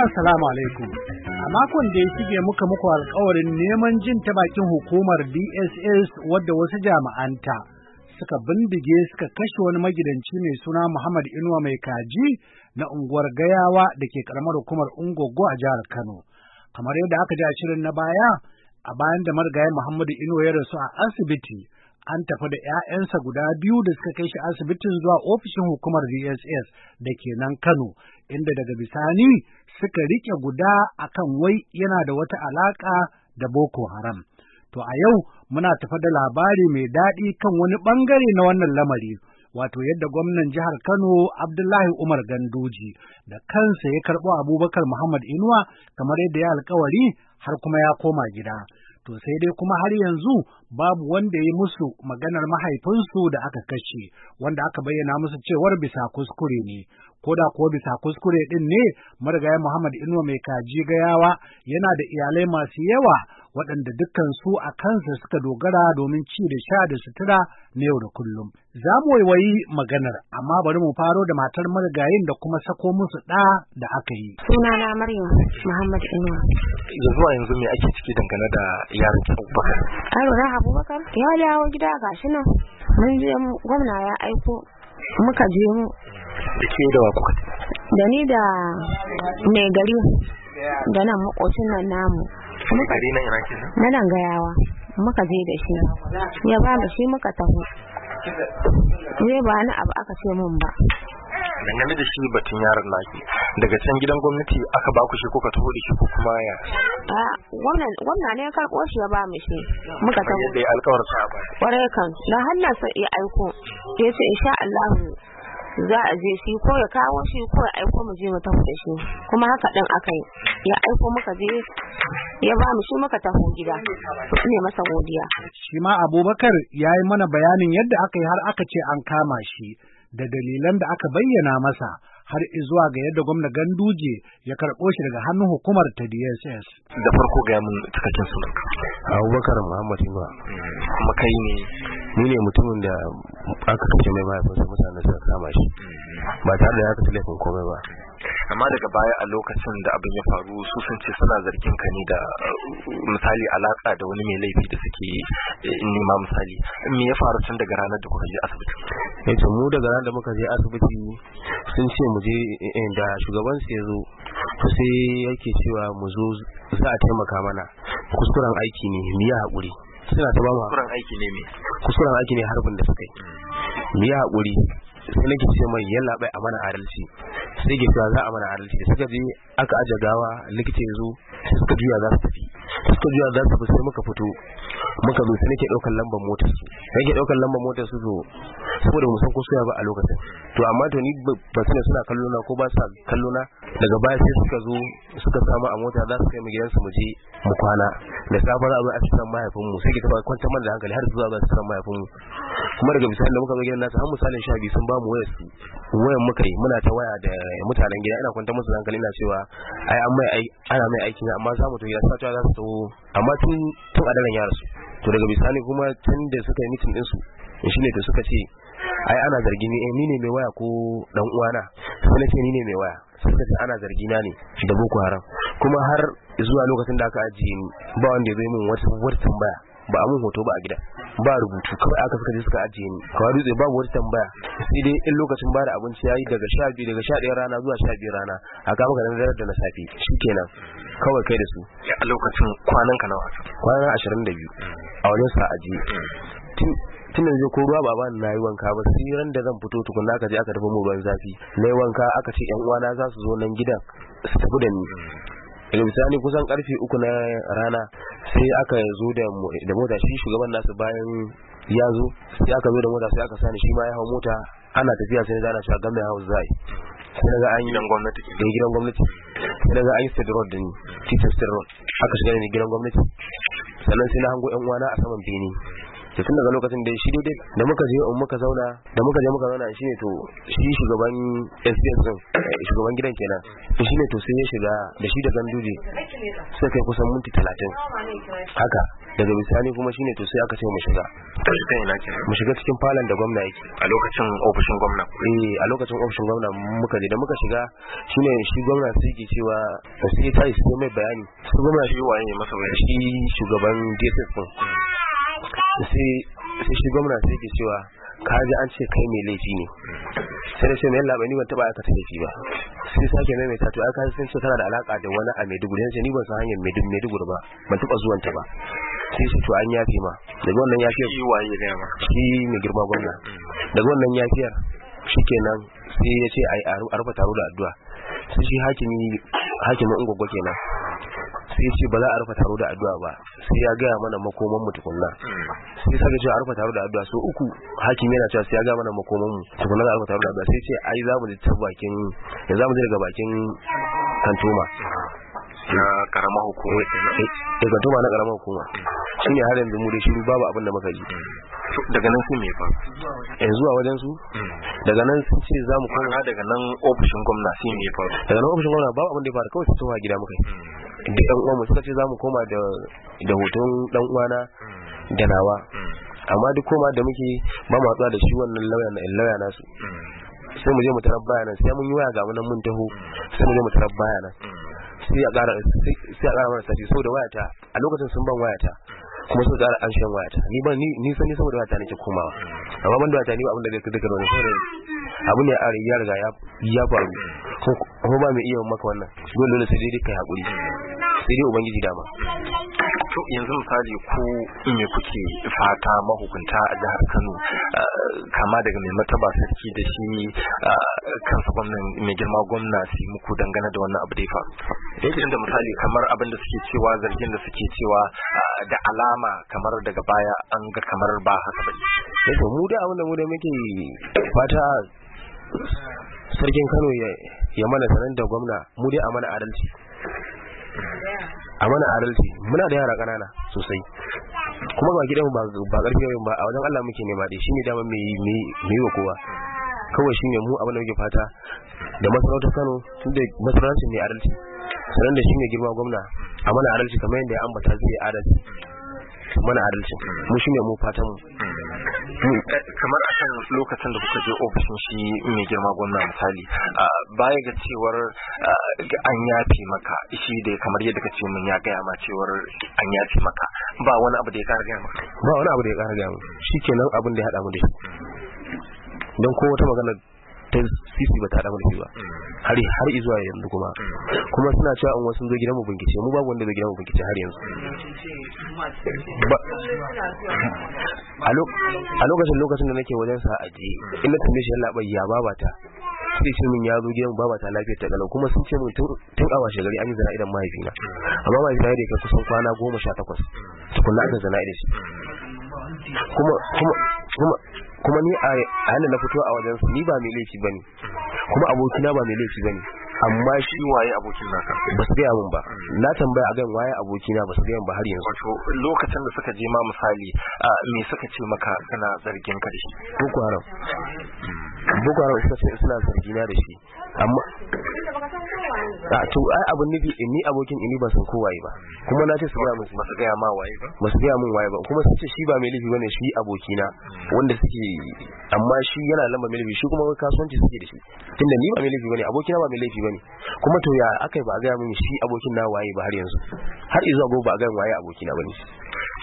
assalamu alaikum a makon da ya shige muka muku alkawarin neman jin ta bakin hukumar dss wadda wasu jami'anta suka bindige suka kashe wani magidanci mai suna muhammad inuwa mai kaji na unguwar gayawa da ke karamar hukumar ungogo a jihar kano kamar yadda aka ji a shirin na baya a bayan da marigayi muhammadu inuwa ya rasu a asibiti an tafi da 'ya'yansa guda biyu da suka kai shi asibitin zuwa ofishin hukumar DSS da ke nan Kano, inda daga bisani suka rike guda a kan wai yana da wata alaƙa da Boko Haram. To a yau muna tafi da labari mai daɗi kan wani ɓangare na wannan lamari, wato yadda gwamnan jihar Kano Abdullahi Umar Ganduji da kansa ya karɓo Abubakar Muhammad Inuwa kamar yadda ya alkawari har kuma ya koma gida. to sai dai kuma har yanzu babu wanda ya yi musu maganar mahaifinsu da aka kashe wanda aka bayyana musu cewar bisa kuskure ne ko da kuwa bisa kuskure ɗin ne marigayi Muhammad Inuwa mai kaji gayawa yana da iyalai masu yawa waɗanda dukkan su a kansa suka dogara domin ci da sha da sutura na yau da kullum. Za mu waiwayi maganar, amma bari mu faro da matar marigayin da kuma sako musu ɗa da aka yi. Suna na Maryam Muhammad Inuwa. Ya zuwa yanzu me ake ciki dangane da yaron Abubakar? An lura Abubakar ya dawo gida gashi nan. Mun je gwamna ya aiko muka je mu. Da ke da wa kuka? Da ni da mai gari da nan makocin nan namu. na nan gayawa muka je da shi ya ba mu shi muka taho ne ba ni abu aka ce mun ba dangane da shi batun yaron naki daga can gidan gwamnati aka baku shi kuka taho da shi ko kuma ya a wannan wannan ne karɓo shi ya ba mu shi muka taho da ya sa ba kwarai kan na hannan sai ya aiko yace insha Allah za a je shi ko ya kawo shi ko ya aiko mu je mu tafi da shi kuma haka din aka yi ya aiko muka je ya ba mu shi muka tafi gida ne masa godiya shi ma abubakar ya yi mana bayanin yadda aka yi har aka ce an kama shi da dalilan da aka bayyana masa har zuwa ga yadda gwamna ganduje ya karɓo shi daga hannun hukumar ta dss da farko ga mun cikakken sunan abubakar muhammad inuwa kuma ne ni ne mutumin da aka kashe mai mahaifinsa mutane suka kama shi ba tare da ya kasa laifin komai ba amma daga baya a lokacin da abin ya faru su sun ce suna zargin ka ne da misali alaka da wani mai laifi da suke eh, nema misali me ya faru tun daga ranar da kuka je asibiti eh to mu daga ranar da muka je asibiti sun ce mu je eh, da shugaban su ya zo to sai yake cewa mu zo za a taimaka mana kuskuren aiki ne mu yi haƙuri tana ta bama kuskuren aiki ne me kuskuren aiki ne harbin da suka yi mu yi hakuri sai nake ce mai yalla bai amana adalci sai ke cewa za a mana adalci da suka je aka aje gawa likita ya zo suka juya za su tafi suka juya za su tafi sai muka fito muka zo sai nake daukar lambar motar su nake daukar lambar motar su zo saboda mu san ko suya ba a lokacin to amma to ni ba sani suna kallo na ko ba sa kallo na daga baya sai suka zo suka samu a mota za su kai mu gidansu mu je mu kwana da safara abin a cikin mahaifin mu sai ki taba kwanta mana da hankali har zuwa ga cikin mahaifin mu kuma daga misalin da muka zo gidan nasu har misalin sha biyu sun ba mu wayar su wayan muka yi muna ta waya da mutanen gida ina kwanta musu hankali ina cewa ai an mai ana mai aiki amma za mu to ya sa za su amma tun tun a daren ya rasu to daga bisani kuma tun da suka yi mitin ɗinsu shi ne to suka ce ai ana zargi ne eh, ni ne mai waya ko dan uwana sai na ce ni ne mai waya suka ce ana zargi na ne da boko haram kuma har zuwa lokacin da aka ajiye ni ba wanda ya zo min wata tambaya ba a mun hoto ba a gida ba rubutu kawai aka suka je suka ajiye ni kawai dutse babu wata tambaya sai dai in lokacin ba da abinci yayi daga sha biyu daga sha rana zuwa sha rana a kama ka dangare da na safe shikenan kawai kai da su a lokacin kwanan ka nawa kwanan ashirin da biyu a wani sa ajiye tun yanzu ko ruwa ba bani nayi wanka ba sai ran da zan fito tukun aka je aka dafa mu ruwan zafi nayi wanka aka ce yan uwana za su zo nan gidan su tafi da ni daga eh, misali kusan karfe uku na rana sai aka zo da mota shi shugaban nasu bayan ya zo sai aka zo da mota sai aka sani shi ma ya hau mota ana tafiya sai zana shi a gamna house zai sai daga an yi gidan gwamnati da eh, gidan gwamnati sai daga an yi state road din teacher state road aka shiga ne gidan gwamnati sannan sai na hango yan uwana a saman bene to tun daga lokacin da shi dai da muka je in muka zauna da muka je muka zauna shi ne to shi shugaban SDS din eh, shugaban gidan kenan to shi ne to sai ya shiga da shi da ganduje sai kai kusan minti talatin haka daga bisani kuma shine to sai aka ce mu shiga mu shiga cikin falon da gwamna yake a lokacin ofishin gwamna eh a lokacin ofishin gwamna muka je da muka shiga ne shi gwamna sai ke cewa sai ta yi sai mai bayani su gwamna shi waye masa bayani shi shugaban DSS din sai shi gwamna sai ke cewa ka ji an ce kai mai laifi ne sai da ce mai labai ni ban taba aka ta laifi ba sai sake mai mai to aka san ce tana da alaka da wani a Maiduguri sai ni ban san hanyar Maiduguri ba ban taba zuwan ta ba sai shi to an yafe ma daga wannan yafiyar shi waye ne ma shi ne girma gwamna daga wannan yafiyar kenan sai ya ce a rubuta taro da addu'a sai shi hakimi hakimin ungwagwa kenan sai ya ce ba za a rufe taro da addu'a ba sai ya gaya mana makoman mu tukunna sai saka cewa a rufe taro da addu'a so uku hakimi yana cewa sai ya gaya mana makoman mu tukunna za a rufe taro da addu'a sai ce ai za mu ji ta bakin ya za mu ji daga bakin kantoma na karamar hukuma da eh, eh, kantoma na karamar hukuma ne har yanzu mu dai shiru babu abin da muka ji daga nan sun mai faru yanzu eh, a wajen su daga nan sun ce za mu kwana daga nan ofishin gwamna sun mai faru daga nan ofishin gwamna babu abin da ya faru kawai su tuwa gida muka yi hmm. da yan uwanmu suka ce za mu koma da hoton dan uwana mm. da nawa mm. amma duk koma da muke ba mu hatsuwa da shi wannan lauya nasu mm. sai mu je mu tarar bayanan sai mun yi waya ga wannan mun taho sai mu je mu tarar bayanan sai a ƙara sai a ƙara mana sati da wayata a lokacin sun ban wayata kuma sun ƙara an shan wayata ni ban ni san ni saboda wayata nake komawa amma ban da wayata ni ba abin da zai kaddaka wani saboda abin da ya riga ya faru ko ba mai iya maka wannan dole dole sai dai kai hakuri sai dai ubangiji dama to yanzu misali ko me kuke fata mahukunta a jihar Kano ah, kama daga mai mataba sarki da shi ah, kansa gwamnan mai girma gwamna su muku dangane da wannan abu da ya faru yake eh, da misali kamar abin da suke cewa zargin da suke cewa ah, da alama kamar daga baya an ga kamar ba haka bane eh, to mu da abin da mu da muke fata sarkin Kano ya mana sanar da gwamna mu dai a mana adalci a mana adalci muna da yara ƙanana sosai kuma ba gidan ba ƙarfi ba a wajen Allah muke nema dai shine dama mai yi wa kowa kawai shine mu abin da muke fata da masarautar Kano da masarauta ne adalci sannan da shine girma gwamna a mana adalci kamar yadda ya ambata zai adalci mana adalci mu shine mu fatan mu kamar a kan lokacin da kuka je ofishin shi mai girma gwamna misali baya ga cewar an fi maka shi da kamar yadda kace mun ya gaya ma cewar an fi maka ba wani abu da ya kara gaya maka ba wani abu da ya kara gaya maka shikenan abin da ya hada mu da shi don ko wata magana ta sisi ba ta hada mulki ba har har zuwa yanzu kuma kuma suna cewa an wasu zo gidan mu bincike mu babu wanda zai gidan mu bincike har yanzu a lokacin lokacin da nake wajen sa aji ina tambaye shi Allah ya baba ta sai ce min ya zo gidan baba ta lafiya ta galau kuma sun ce min tun awa gari an yi zana idan mahaifina amma mahaifina ya da kai kusan kwana goma sha takwas tukunna aka zana idan shi kuma kuma kuma kuma ni a yanda na fito a wajen su ni ba mai laifi ba ne kuma abokina ba mai laifi ba ne amma shi waye abokin naka ba su gaya min ba na tambaya a gan waye abokina ba su gaya ba har yanzu wato lokacin da suka je ma misali me suka ce maka kana zargin ka da shi boko haram boko haram suka ce suna zargina da shi amma a to ai abin nufi eh, ni abokin eh, ni ba san kowaye ba kuma na ce su gaya musu masu gaya ma waye ba masu gaya mun waye ba kuma su ce shi ba mai laifi bane shi abokina wanda suke amma shi yana lamba mai laifi shi kuma wai kasuwanci suke da shi tunda ni ba mai laifi bane abokina ba mai laifi bane kuma to ya akai ba gaya mun shi abokin na waye ba har yanzu har izuwa gobe ba gaya waye abokina bane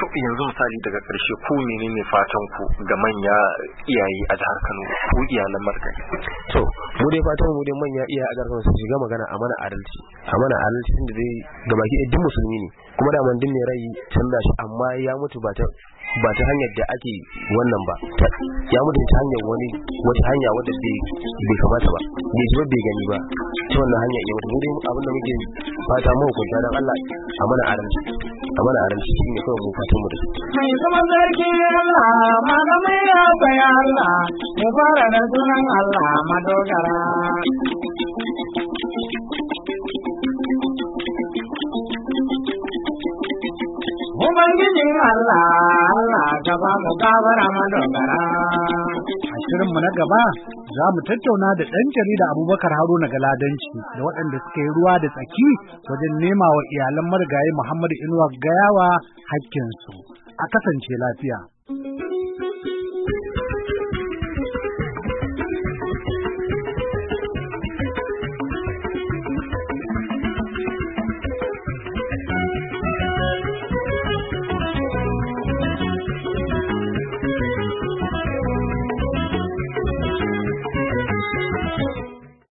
to yanzu misali daga karshe ko menene fatan ku ga manya iyaye a jihar Kano ko iyalan marka? mu dai fatan mu dai manya iya a garkan su shiga magana a mana adalci a mana adalci tunda dai gabaki ɗaya duk musulmi ne kuma da man dinne rai canza shi amma ya mutu ba ta ba ta hanyar da ake wannan ba ya mutu ta hanyar wani wata hanya wadda bai kamata ba bai zuwa bai gani ba ta wannan hanya iya mutu mu dai abinda muke fata mu hukunta dan Allah a mana adalci a mana shi ne kawai bukatun mu da su. Mai kuma sarki Allah, mai ya Allah, ya fara da sunan Allah madogara. Ubangijin Allah, Allah ka ba mu gabara madogara. A shirinmu na gaba za mu tattauna da ɗan jarida Abubakar Haruna Galadanci da waɗanda suka yi ruwa da tsaki wajen nema wa iyalan marigayi Muhammadu Inuwa gayawa hakkinsu. A kasance lafiya.